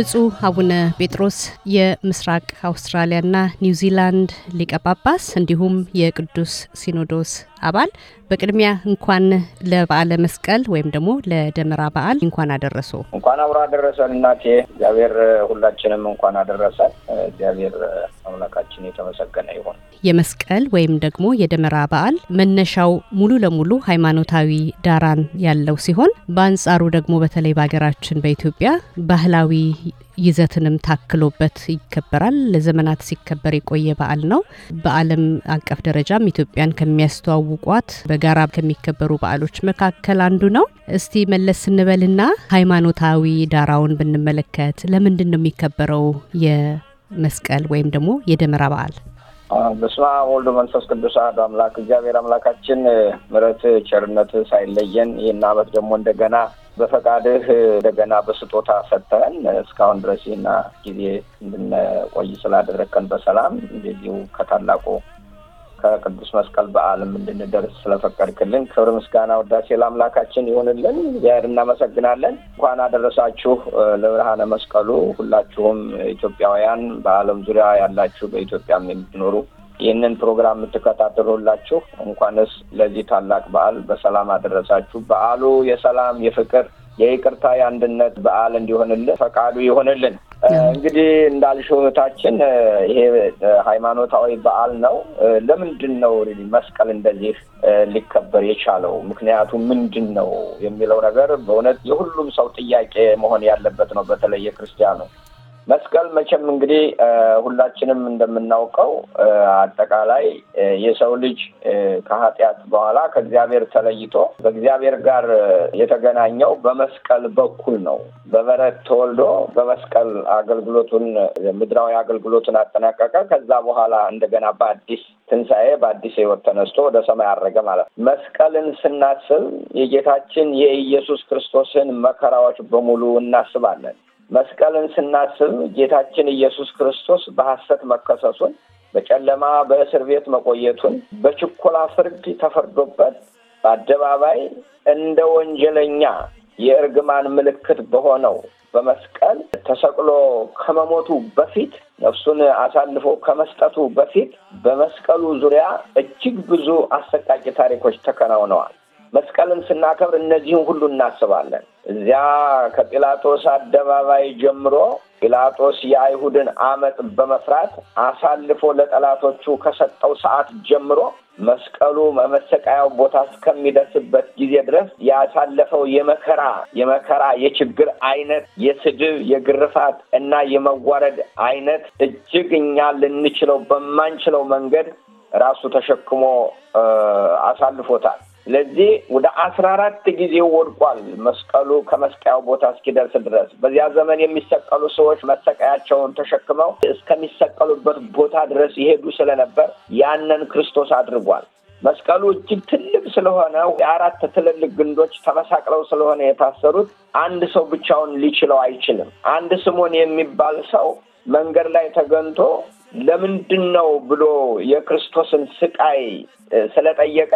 ብፁዕ አቡነ ጴጥሮስ የምስራቅ አውስትራሊያና ኒውዚላንድ ሊቀ ጳጳስ እንዲሁም የቅዱስ ሲኖዶስ አባል በቅድሚያ እንኳን ለበዓለ መስቀል ወይም ደግሞ ለደመራ በዓል እንኳን አደረሶ። እንኳን አብሮ አደረሰን እናቴ። እግዚአብሔር ሁላችንም እንኳን አደረሰን። እግዚአብሔር አምላካችን የተመሰገነ ይሁን። የመስቀል ወይም ደግሞ የደመራ በዓል መነሻው ሙሉ ለሙሉ ሃይማኖታዊ ዳራን ያለው ሲሆን በአንጻሩ ደግሞ በተለይ በሀገራችን በኢትዮጵያ ባህላዊ ይዘትንም ታክሎበት ይከበራል። ለዘመናት ሲከበር የቆየ በዓል ነው። በዓለም አቀፍ ደረጃም ኢትዮጵያን ከሚያስተዋውቋት በጋራ ከሚከበሩ በዓሎች መካከል አንዱ ነው። እስቲ መለስ ስንበልና ሃይማኖታዊ ዳራውን ብንመለከት ለምንድን ነው የሚከበረው የመስቀል ወይም ደግሞ የደመራ በዓል? በስመ አብ መንፈስ ቅዱስ አሐዱ አምላክ እግዚአብሔር አምላካችን ምሕረት ቸርነት ሳይለየን ይህን ዓመት ደግሞ እንደገና በፈቃድህ እንደገና በስጦታ ሰጥተን እስካሁን ድረስ ና ጊዜ እንድንቆይ ስላደረግከን በሰላም እንደዚሁ ከታላቁ ከቅዱስ መስቀል በዓልም እንድንደርስ ስለፈቀድክልን ክብር ምስጋና ወዳሴ ለአምላካችን ይሁንልን። ያር እናመሰግናለን። እንኳን አደረሳችሁ ለብርሃነ መስቀሉ ሁላችሁም ኢትዮጵያውያን፣ በዓለም ዙሪያ ያላችሁ በኢትዮጵያም የምትኖሩ ይህንን ፕሮግራም የምትከታተሉላችሁ እንኳንስ ለዚህ ታላቅ በዓል በሰላም አደረሳችሁ። በዓሉ የሰላም፣ የፍቅር፣ የይቅርታ፣ የአንድነት በዓል እንዲሆንልን ፈቃዱ ይሆንልን። እንግዲህ እንዳልሽው እህታችን ይሄ ሃይማኖታዊ በዓል ነው። ለምንድን ነው መስቀል እንደዚህ ሊከበር የቻለው? ምክንያቱ ምንድን ነው የሚለው ነገር በእውነት የሁሉም ሰው ጥያቄ መሆን ያለበት ነው። በተለይ ክርስቲያኑ መስቀል መቼም እንግዲህ ሁላችንም እንደምናውቀው አጠቃላይ የሰው ልጅ ከኃጢአት በኋላ ከእግዚአብሔር ተለይቶ በእግዚአብሔር ጋር የተገናኘው በመስቀል በኩል ነው። በበረት ተወልዶ በመስቀል አገልግሎቱን ምድራዊ አገልግሎቱን አጠናቀቀ። ከዛ በኋላ እንደገና በአዲስ ትንሣኤ በአዲስ ሕይወት ተነስቶ ወደ ሰማይ አረገ ማለት ነው። መስቀልን ስናስብ የጌታችን የኢየሱስ ክርስቶስን መከራዎች በሙሉ እናስባለን። መስቀልን ስናስብ ጌታችን ኢየሱስ ክርስቶስ በሐሰት መከሰሱን፣ በጨለማ በእስር ቤት መቆየቱን፣ በችኮላ ፍርድ ተፈርዶበት በአደባባይ እንደ ወንጀለኛ የእርግማን ምልክት በሆነው በመስቀል ተሰቅሎ ከመሞቱ በፊት ነፍሱን አሳልፎ ከመስጠቱ በፊት በመስቀሉ ዙሪያ እጅግ ብዙ አሰቃቂ ታሪኮች ተከናውነዋል። መስቀልን ስናከብር እነዚህን ሁሉ እናስባለን። እዚያ ከጲላጦስ አደባባይ ጀምሮ ጲላጦስ የአይሁድን አመፅ በመፍራት አሳልፎ ለጠላቶቹ ከሰጠው ሰዓት ጀምሮ መስቀሉ መሰቃያው ቦታ እስከሚደርስበት ጊዜ ድረስ ያሳለፈው የመከራ የመከራ የችግር አይነት የስድብ፣ የግርፋት እና የመዋረድ አይነት እጅግ እኛ ልንችለው በማንችለው መንገድ ራሱ ተሸክሞ አሳልፎታል። ስለዚህ ወደ አስራ አራት ጊዜ ወድቋል መስቀሉ ከመስቀያው ቦታ እስኪደርስ ድረስ። በዚያ ዘመን የሚሰቀሉ ሰዎች መሰቀያቸውን ተሸክመው እስከሚሰቀሉበት ቦታ ድረስ ይሄዱ ስለነበር ያንን ክርስቶስ አድርጓል። መስቀሉ እጅግ ትልቅ ስለሆነ የአራት ትልልቅ ግንዶች ተመሳቅለው ስለሆነ የታሰሩት አንድ ሰው ብቻውን ሊችለው አይችልም። አንድ ስሞን የሚባል ሰው መንገድ ላይ ተገንቶ ለምንድን ነው ብሎ የክርስቶስን ስቃይ ስለጠየቀ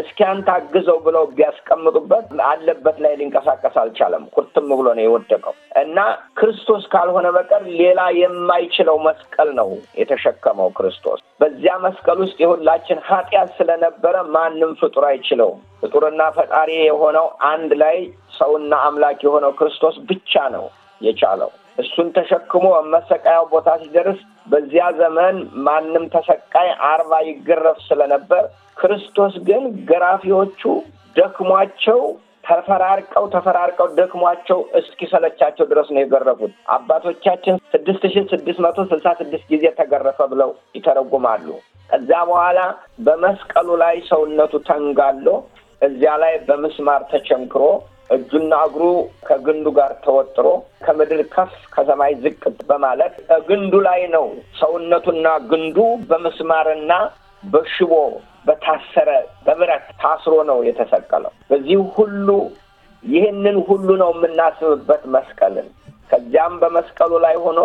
እስኪያን ታግዘው ብለው ቢያስቀምጡበት አለበት ላይ ሊንቀሳቀስ አልቻለም። ቁርጥም ብሎ ነው የወደቀው እና ክርስቶስ ካልሆነ በቀር ሌላ የማይችለው መስቀል ነው የተሸከመው ክርስቶስ። በዚያ መስቀል ውስጥ የሁላችን ኃጢአት ስለነበረ ማንም ፍጡር አይችለውም። ፍጡርና ፈጣሪ የሆነው አንድ ላይ ሰውና አምላክ የሆነው ክርስቶስ ብቻ ነው የቻለው። እሱን ተሸክሞ መሰቃያው ቦታ ሲደርስ በዚያ ዘመን ማንም ተሰቃይ አርባ ይገረፍ ስለነበር ክርስቶስ ግን ገራፊዎቹ ደክሟቸው ተፈራርቀው ተፈራርቀው ደክሟቸው እስኪሰለቻቸው ድረስ ነው የገረፉት። አባቶቻችን ስድስት ሺ ስድስት መቶ ስልሳ ስድስት ጊዜ ተገረፈ ብለው ይተረጉማሉ። ከዚያ በኋላ በመስቀሉ ላይ ሰውነቱ ተንጋሎ እዚያ ላይ በምስማር ተቸንክሮ እጁና እግሩ ከግንዱ ጋር ተወጥሮ ከምድር ከፍ ከሰማይ ዝቅ በማለት ግንዱ ላይ ነው ሰውነቱና ግንዱ በምስማርና በሽቦ በታሰረ በብረት ታስሮ ነው የተሰቀለው። በዚህ ሁሉ ይህንን ሁሉ ነው የምናስብበት መስቀልን። ከዚያም በመስቀሉ ላይ ሆኖ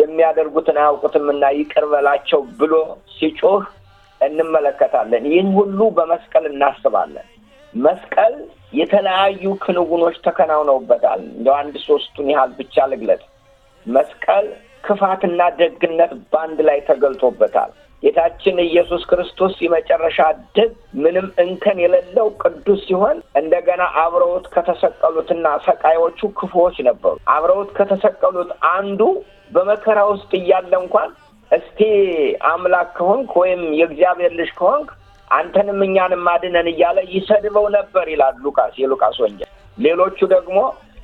የሚያደርጉትን አያውቁትምና ይቅር በላቸው ብሎ ሲጮህ እንመለከታለን። ይህን ሁሉ በመስቀል እናስባለን። መስቀል የተለያዩ ክንውኖች ተከናውነውበታል። እንደ አንድ ሶስቱን ያህል ብቻ ልግለጥ። መስቀል ክፋትና ደግነት በአንድ ላይ ተገልጦበታል። ጌታችን ኢየሱስ ክርስቶስ የመጨረሻ ድግ ምንም እንከን የሌለው ቅዱስ ሲሆን እንደገና አብረውት ከተሰቀሉትና ሰቃዮቹ ክፉዎች ነበሩ። አብረውት ከተሰቀሉት አንዱ በመከራ ውስጥ እያለ እንኳን እስቲ አምላክ ከሆንክ ወይም የእግዚአብሔር ልጅ ከሆንክ አንተንም እኛንም አድነን እያለ ይሰድበው ነበር ይላል ሉቃስ የሉቃስ ወንጌል። ሌሎቹ ደግሞ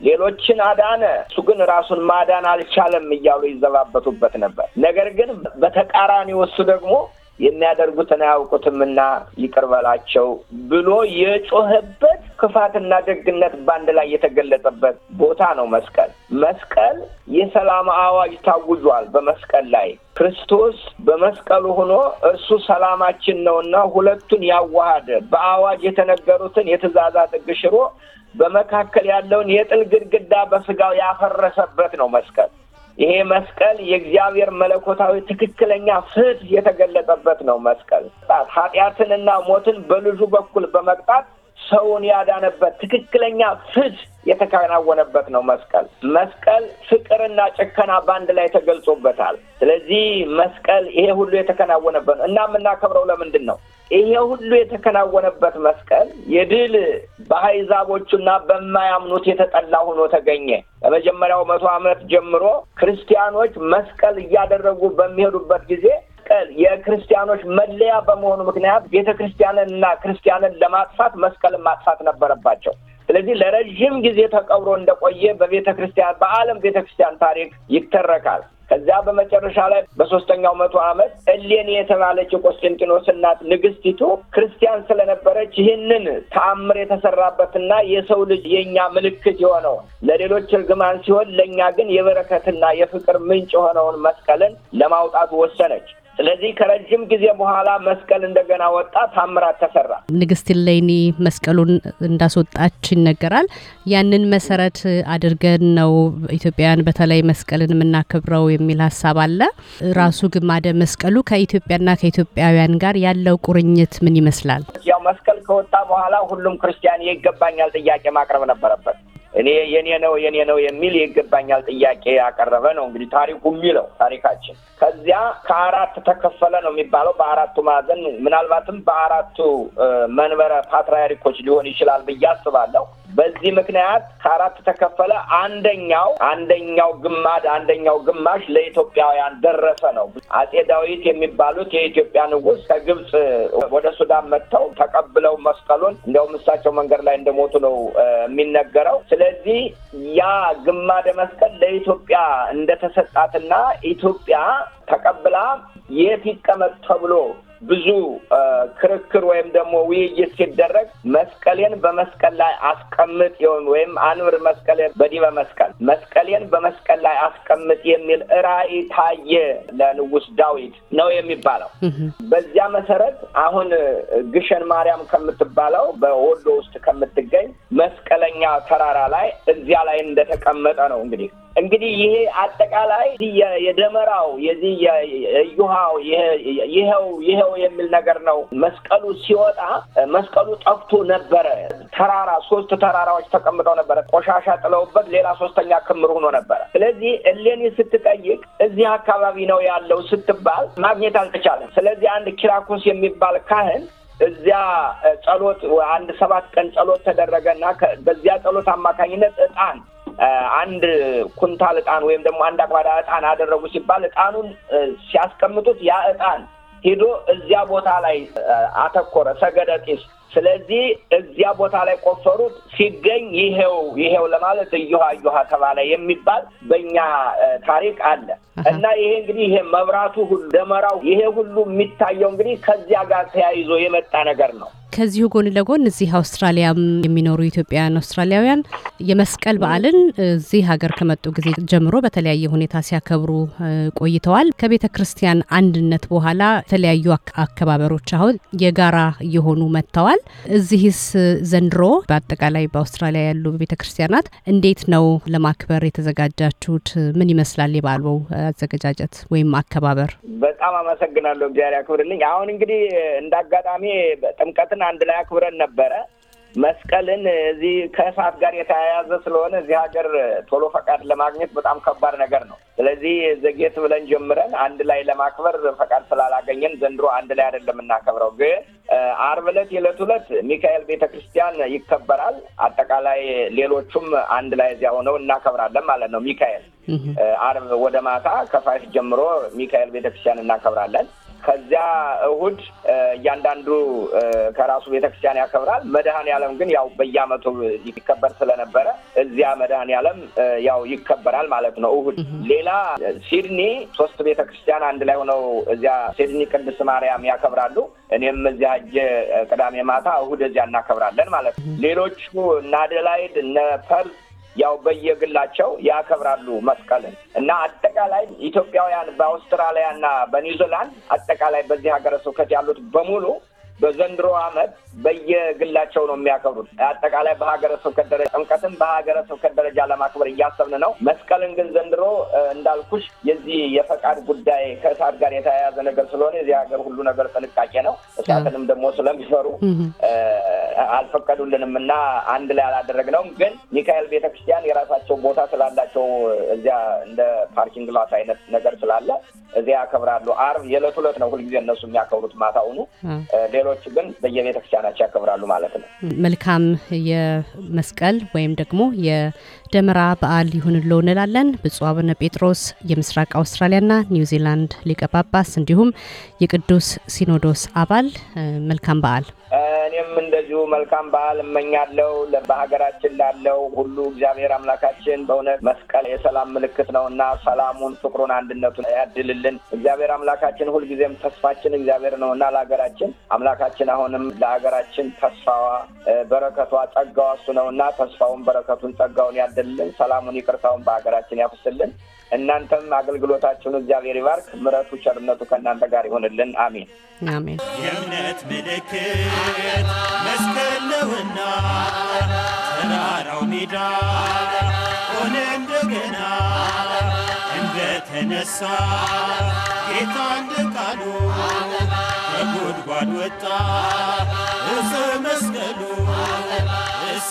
ሌሎችን አዳነ እሱ ግን ራሱን ማዳን አልቻለም እያሉ ይዘባበቱበት ነበር። ነገር ግን በተቃራኒ እሱ ደግሞ የሚያደርጉትን አያውቁትምና ይቅር በላቸው ብሎ የጮህበት ክፋትና ደግነት በአንድ ላይ የተገለጸበት ቦታ ነው መስቀል። መስቀል የሰላም አዋጅ ታውጇል። በመስቀል ላይ ክርስቶስ በመስቀሉ ሆኖ እርሱ ሰላማችን ነውና ሁለቱን ያዋሃደ በአዋጅ የተነገሩትን የትእዛዛት ጥግ ሽሮ በመካከል ያለውን የጥል ግድግዳ በስጋው ያፈረሰበት ነው መስቀል። ይሄ መስቀል የእግዚአብሔር መለኮታዊ ትክክለኛ ፍትህ የተገለጠበት ነው። መስቀል ኃጢአትንና ሞትን በልጁ በኩል በመቅጣት ሰውን ያዳነበት ትክክለኛ ፍትህ የተከናወነበት ነው መስቀል። መስቀል ፍቅርና ጭከና በአንድ ላይ ተገልጾበታል። ስለዚህ መስቀል ይሄ ሁሉ የተከናወነበት ነው እና የምናከብረው ለምንድን ነው? ይሄ ሁሉ የተከናወነበት መስቀል የድል በአሕዛቦቹና በማያምኑት የተጠላ ሆኖ ተገኘ። ለመጀመሪያው መቶ ዓመት ጀምሮ ክርስቲያኖች መስቀል እያደረጉ በሚሄዱበት ጊዜ መስቀል የክርስቲያኖች መለያ በመሆኑ ምክንያት ቤተ ክርስቲያንን እና ክርስቲያንን ለማጥፋት መስቀልን ማጥፋት ነበረባቸው። ስለዚህ ለረዥም ጊዜ ተቀብሮ እንደቆየ በቤተ ክርስቲያን በዓለም ቤተ ክርስቲያን ታሪክ ይተረካል። ከዚያ በመጨረሻ ላይ በሶስተኛው መቶ ዓመት እሌኒ የተባለች የቆስጠንጢኖስ እናት ንግስቲቱ ክርስቲያን ስለነበረች ይህንን ተአምር የተሰራበትና የሰው ልጅ የእኛ ምልክት የሆነው ለሌሎች እርግማን ሲሆን ለእኛ ግን የበረከትና የፍቅር ምንጭ የሆነውን መስቀልን ለማውጣት ወሰነች። ስለዚህ ከረጅም ጊዜ በኋላ መስቀል እንደገና ወጣ፣ ታምራት ተሰራ። ንግስት እሌኒ መስቀሉን እንዳስወጣች ይነገራል። ያንን መሰረት አድርገን ነው ኢትዮጵያውያን በተለይ መስቀልን የምናከብረው የሚል ሀሳብ አለ። ራሱ ግማደ መስቀሉ ከኢትዮጵያና ከኢትዮጵያውያን ጋር ያለው ቁርኝት ምን ይመስላል? ያው መስቀል ከወጣ በኋላ ሁሉም ክርስቲያን ይገባኛል ጥያቄ ማቅረብ ነበረበት። እኔ የኔ ነው የኔ ነው የሚል የይገባኛል ጥያቄ ያቀረበ ነው እንግዲህ ታሪኩ የሚለው ታሪካችን። ከዚያ ከአራት ተከፈለ ነው የሚባለው በአራቱ ማዕዘን ምናልባትም በአራቱ መንበረ ፓትርያርኮች ሊሆን ይችላል ብዬ አስባለሁ። በዚህ ምክንያት ከአራት ተከፈለ። አንደኛው አንደኛው ግማድ አንደኛው ግማሽ ለኢትዮጵያውያን ደረሰ ነው። አጼ ዳዊት የሚባሉት የኢትዮጵያ ንጉሥ ከግብፅ ወደ ሱዳን መጥተው ተቀብለው መስቀሉን እንደውም እሳቸው መንገድ ላይ እንደሞቱ ነው የሚነገረው። ስለዚህ ያ ግማደ መስቀል ለኢትዮጵያ እንደተሰጣትና ኢትዮጵያ ተቀብላ የት ይቀመጥ ተብሎ ብዙ ክርክር ወይም ደግሞ ውይይት ሲደረግ መስቀሌን በመስቀል ላይ አስቀምጥ ወይም አንብር መስቀሌን በዲበ መስቀል መስቀሌን በመስቀል ላይ አስቀምጥ የሚል ራዕይ ታየ ለንጉስ ዳዊት ነው የሚባለው። በዚያ መሰረት አሁን ግሸን ማርያም ከምትባለው በወሎ ውስጥ ከምትገኝ ሁለተኛ ተራራ ላይ እዚያ ላይ እንደተቀመጠ ነው። እንግዲህ እንግዲህ ይሄ አጠቃላይ የደመራው የዚህ የዩሃው ይኸው ይኸው የሚል ነገር ነው። መስቀሉ ሲወጣ መስቀሉ ጠፍቶ ነበረ። ተራራ ሶስት ተራራዎች ተቀምጠው ነበረ። ቆሻሻ ጥለውበት ሌላ ሶስተኛ ክምር ሆኖ ነበረ። ስለዚህ እሌኒ ስትጠይቅ እዚህ አካባቢ ነው ያለው ስትባል ማግኘት አልተቻለም። ስለዚህ አንድ ኪራኮስ የሚባል ካህን እዚያ ጸሎት አንድ ሰባት ቀን ጸሎት ተደረገና በዚያ ጸሎት አማካኝነት እጣን አንድ ኩንታል እጣን ወይም ደግሞ አንድ አቅማዳ እጣን አደረጉ ሲባል እጣኑን ሲያስቀምጡት ያ እጣን ሂዶ እዚያ ቦታ ላይ አተኮረ ሰገደ ጢስ። ስለዚህ እዚያ ቦታ ላይ ቆፈሩት። ሲገኝ ይሄው ይሄው ለማለት እዩሃ እዩሃ ተባለ የሚባል በእኛ ታሪክ አለ እና ይሄ እንግዲህ ይሄ መብራቱ ሁሉ ደመራው ይሄ ሁሉ የሚታየው እንግዲህ ከዚያ ጋር ተያይዞ የመጣ ነገር ነው። ከዚሁ ጎን ለጎን እዚህ አውስትራሊያም የሚኖሩ ኢትዮጵያውያን አውስትራሊያውያን የመስቀል በዓልን እዚህ ሀገር ከመጡ ጊዜ ጀምሮ በተለያየ ሁኔታ ሲያከብሩ ቆይተዋል። ከቤተ ክርስቲያን አንድነት በኋላ የተለያዩ አከባበሮች አሁን የጋራ እየሆኑ መጥተዋል። እዚህስ ዘንድሮ በአጠቃላይ በአውስትራሊያ ያሉ ቤተ ክርስቲያናት እንዴት ነው ለማክበር የተዘጋጃችሁት? ምን ይመስላል የበዓሉ አዘገጃጀት ወይም አከባበር? በጣም አመሰግናለሁ። እግዚአብሔር ያክብርልኝ። አሁን እንግዲህ እንደ አጋጣሚ ጥምቀትን መስቀልን አንድ ላይ አክብረን ነበረ። መስቀልን እዚህ ከእሳት ጋር የተያያዘ ስለሆነ እዚህ ሀገር ቶሎ ፈቃድ ለማግኘት በጣም ከባድ ነገር ነው። ስለዚህ ዘጌት ብለን ጀምረን አንድ ላይ ለማክበር ፈቃድ ስላላገኘን ዘንድሮ አንድ ላይ አይደለም እናከብረው። ግን አርብ ዕለት የዕለት ዕለት ሚካኤል ቤተ ክርስቲያን ይከበራል። አጠቃላይ ሌሎቹም አንድ ላይ እዚያ ሆነው እናከብራለን ማለት ነው። ሚካኤል አርብ ወደ ማታ ከፋይፍ ጀምሮ ሚካኤል ቤተ ክርስቲያን እናከብራለን። ከዚያ እሁድ እያንዳንዱ ከራሱ ቤተክርስቲያን ያከብራል። መድኃኔ ዓለም ግን ያው በየዓመቱ ይከበር ስለነበረ እዚያ መድኃኔ ዓለም ያው ይከበራል ማለት ነው እሁድ። ሌላ ሲድኒ ሶስት ቤተክርስቲያን አንድ ላይ ሆነው እዚያ ሲድኒ ቅድስት ማርያም ያከብራሉ። እኔም እዚያ ሄጄ ቅዳሜ ማታ እሁድ እዚያ እናከብራለን ማለት ነው። ሌሎቹ እነ አደላይድ እነ ፐርዝ ያው በየግላቸው ያከብራሉ መስቀልን እና አጠቃላይ ኢትዮጵያውያን በአውስትራሊያና በኒውዚላንድ አጠቃላይ በዚህ ሀገረ ስብከት ያሉት በሙሉ በዘንድሮ ዓመት በየግላቸው ነው የሚያከብሩት። አጠቃላይ በሀገረ ስብከት ደረጃ ጥምቀትን በሀገረ ስብከት ደረጃ ለማክበር እያሰብን ነው። መስቀልን ግን ዘንድሮ እንዳልኩሽ የዚህ የፈቃድ ጉዳይ ከእሳት ጋር የተያያዘ ነገር ስለሆነ የዚህ ሀገር ሁሉ ነገር ጥንቃቄ ነው። ጥቃትንም ደግሞ ስለሚፈሩ አልፈቀዱልንም እና አንድ ላይ አላደረግነውም። ግን ሚካኤል ቤተክርስቲያን የራሳቸው ቦታ ስላላቸው እዚያ እንደ ፓርኪንግ ላት አይነት ነገር ስላለ እዚያ ያከብራሉ። አርብ የዕለት ሁለት ነው ሁልጊዜ እነሱ የሚያከብሩት ማታውኑ፣ ሌሎች ግን በየቤተ ክርስቲያናቸው ያከብራሉ ማለት ነው። መልካም የመስቀል ወይም ደግሞ የደመራ በዓል ይሁንሎ እንላለን። ብፁዕ አቡነ ጴጥሮስ የምስራቅ አውስትራሊያና ኒውዚላንድ ሊቀ ጳጳስ እንዲሁም የቅዱስ ሲኖዶስ አባል መልካም በዓል እኔም እንደ እንደዚሁ መልካም በዓል እመኛለው በሀገራችን ላለው ሁሉ እግዚአብሔር አምላካችን በእውነት መስቀል የሰላም ምልክት ነው እና ሰላሙን፣ ፍቅሩን፣ አንድነቱን ያድልልን። እግዚአብሔር አምላካችን ሁልጊዜም ተስፋችን እግዚአብሔር ነው እና ለሀገራችን አምላካችን አሁንም ለሀገራችን ተስፋዋ፣ በረከቷ፣ ጸጋዋ እሱ ነው እና ተስፋውን፣ በረከቱን፣ ጸጋውን ያድልልን። ሰላሙን፣ ይቅርታውን በሀገራችን ያፍስልን። እናንተም አገልግሎታችሁን እግዚአብሔር ይባርክ። ምረቱ ቸርነቱ ከእናንተ ጋር ይሆንልን። አሜን አሜን። የእምነት ምልክት ተነስከለውና ተራራው ሜዳ ሆነ እንደገና እንደተነሳ ጌታ እንደ ቃሉ ከጉድጓድ ወጣ እሰ መስቀሉ እሰ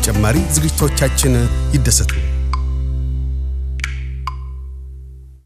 በተጨማሪ ዝግጅቶቻችን ይደሰቱ።